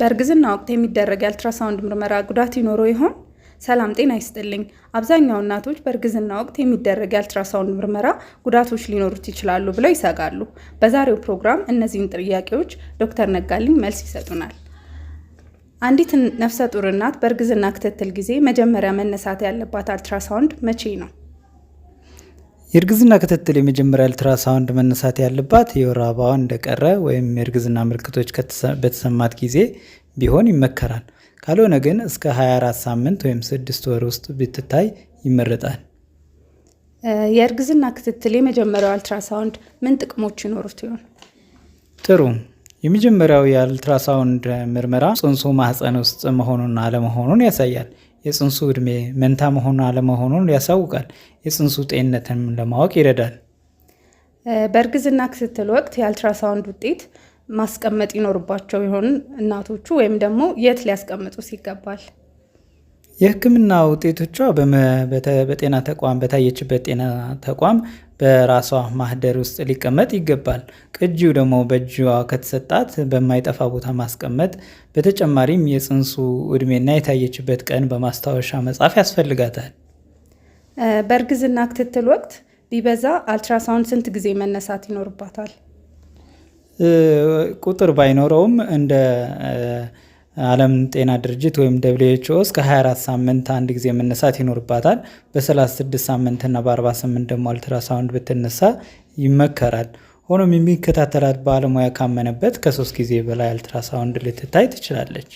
በእርግዝና ወቅት የሚደረግ የአልትራሳውንድ ምርመራ ጉዳት ይኖረው ይሆን? ሰላም ጤና ይስጥልኝ። አብዛኛው እናቶች በእርግዝና ወቅት የሚደረግ የአልትራሳውንድ ምርመራ ጉዳቶች ሊኖሩት ይችላሉ ብለው ይሰጋሉ። በዛሬው ፕሮግራም እነዚህን ጥያቄዎች ዶክተር ነጋልኝ መልስ ይሰጡናል። አንዲት ነፍሰ ጡር እናት በእርግዝና ክትትል ጊዜ መጀመሪያ መነሳት ያለባት አልትራሳውንድ መቼ ነው? የእርግዝና ክትትል የመጀመሪያ አልትራሳውንድ መነሳት ያለባት የወር አበባዋ እንደቀረ ወይም የእርግዝና ምልክቶች በተሰማት ጊዜ ቢሆን ይመከራል። ካልሆነ ግን እስከ 24 ሳምንት ወይም 6 ወር ውስጥ ብትታይ ይመረጣል። የእርግዝና ክትትል የመጀመሪያው አልትራሳውንድ ምን ጥቅሞች ይኖሩት ይሆን? ጥሩ። የመጀመሪያው የአልትራሳውንድ ምርመራ ጽንሱ ማህፀን ውስጥ መሆኑን አለመሆኑን ያሳያል። የጽንሱ ዕድሜ መንታ መሆኑ አለመሆኑን ያሳውቃል። የጽንሱ ጤንነትን ለማወቅ ይረዳል። በእርግዝና ክትትል ወቅት የአልትራሳውንድ ውጤት ማስቀመጥ ይኖርባቸው ይሆን እናቶቹ ወይም ደግሞ የት ሊያስቀምጡስ ይገባል? የህክምና ውጤቶቿ በጤና ተቋም በታየችበት ጤና ተቋም በራሷ ማህደር ውስጥ ሊቀመጥ ይገባል። ቅጂው ደግሞ በእጅዋ ከተሰጣት በማይጠፋ ቦታ ማስቀመጥ፣ በተጨማሪም የጽንሱ እድሜና የታየችበት ቀን በማስታወሻ መጻፍ ያስፈልጋታል። በእርግዝና ክትትል ወቅት ቢበዛ አልትራሳውንድ ስንት ጊዜ መነሳት ይኖርባታል? ቁጥር ባይኖረውም እንደ ዓለም ጤና ድርጅት ወይም ደብሊውኤችኦ እስከ 24 ሳምንት አንድ ጊዜ መነሳት ይኖርባታል። በ36 ሳምንትና በ48 ደግሞ አልትራሳውንድ ብትነሳ ይመከራል። ሆኖም የሚከታተላት ባለሙያ ካመነበት ከሶስት ጊዜ በላይ አልትራሳውንድ ልትታይ ትችላለች።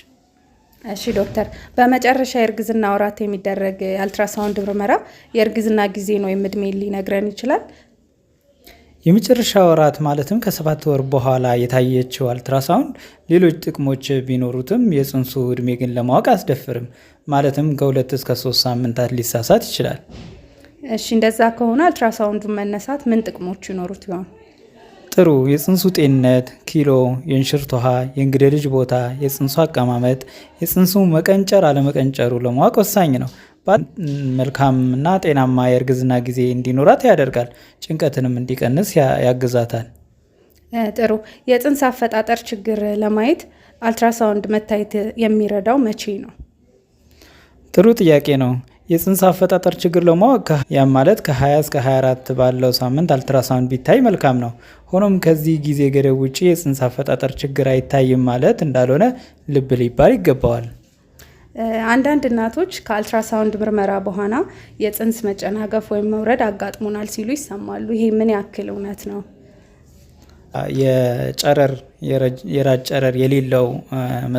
እሺ ዶክተር፣ በመጨረሻ የእርግዝና ወራት የሚደረግ አልትራሳውንድ ምርመራ የእርግዝና ጊዜን ወይም እድሜ ሊነግረን ይችላል? የመጨረሻ ወራት ማለትም ከሰባት ወር በኋላ የታየችው አልትራሳውንድ ሌሎች ጥቅሞች ቢኖሩትም የጽንሱ ዕድሜ ግን ለማወቅ አስደፍርም። ማለትም ከሁለት እስከ ሶስት ሳምንታት ሊሳሳት ይችላል። እሺ፣ እንደዛ ከሆነ አልትራሳውንዱን መነሳት ምን ጥቅሞች ይኖሩት ይሆን? ጥሩ የጽንሱ ጤንነት፣ ኪሎ፣ የእንሽርት ውሃ፣ የእንግዴ ልጅ ቦታ፣ የጽንሱ አቀማመጥ፣ የጽንሱ መቀንጨር አለመቀንጨሩ ለማወቅ ወሳኝ ነው። መልካምና ጤናማ የእርግዝና ጊዜ እንዲኖራት ያደርጋል። ጭንቀትንም እንዲቀንስ ያግዛታል። ጥሩ። የፅንስ አፈጣጠር ችግር ለማየት አልትራሳውንድ መታየት የሚረዳው መቼ ነው? ጥሩ ጥያቄ ነው። የፅንስ አፈጣጠር ችግር ለማወቅ ያም ማለት ከ20 እስከ 24 ባለው ሳምንት አልትራሳውንድ ቢታይ መልካም ነው። ሆኖም ከዚህ ጊዜ ገደብ ውጭ የፅንስ አፈጣጠር ችግር አይታይም ማለት እንዳልሆነ ልብ ሊባል ይገባዋል። አንዳንድ እናቶች ከአልትራሳውንድ ምርመራ በኋላ የጽንስ መጨናገፍ ወይም መውረድ አጋጥሞናል ሲሉ ይሰማሉ። ይሄ ምን ያክል እውነት ነው? የጨረር የራጅ ጨረር የሌለው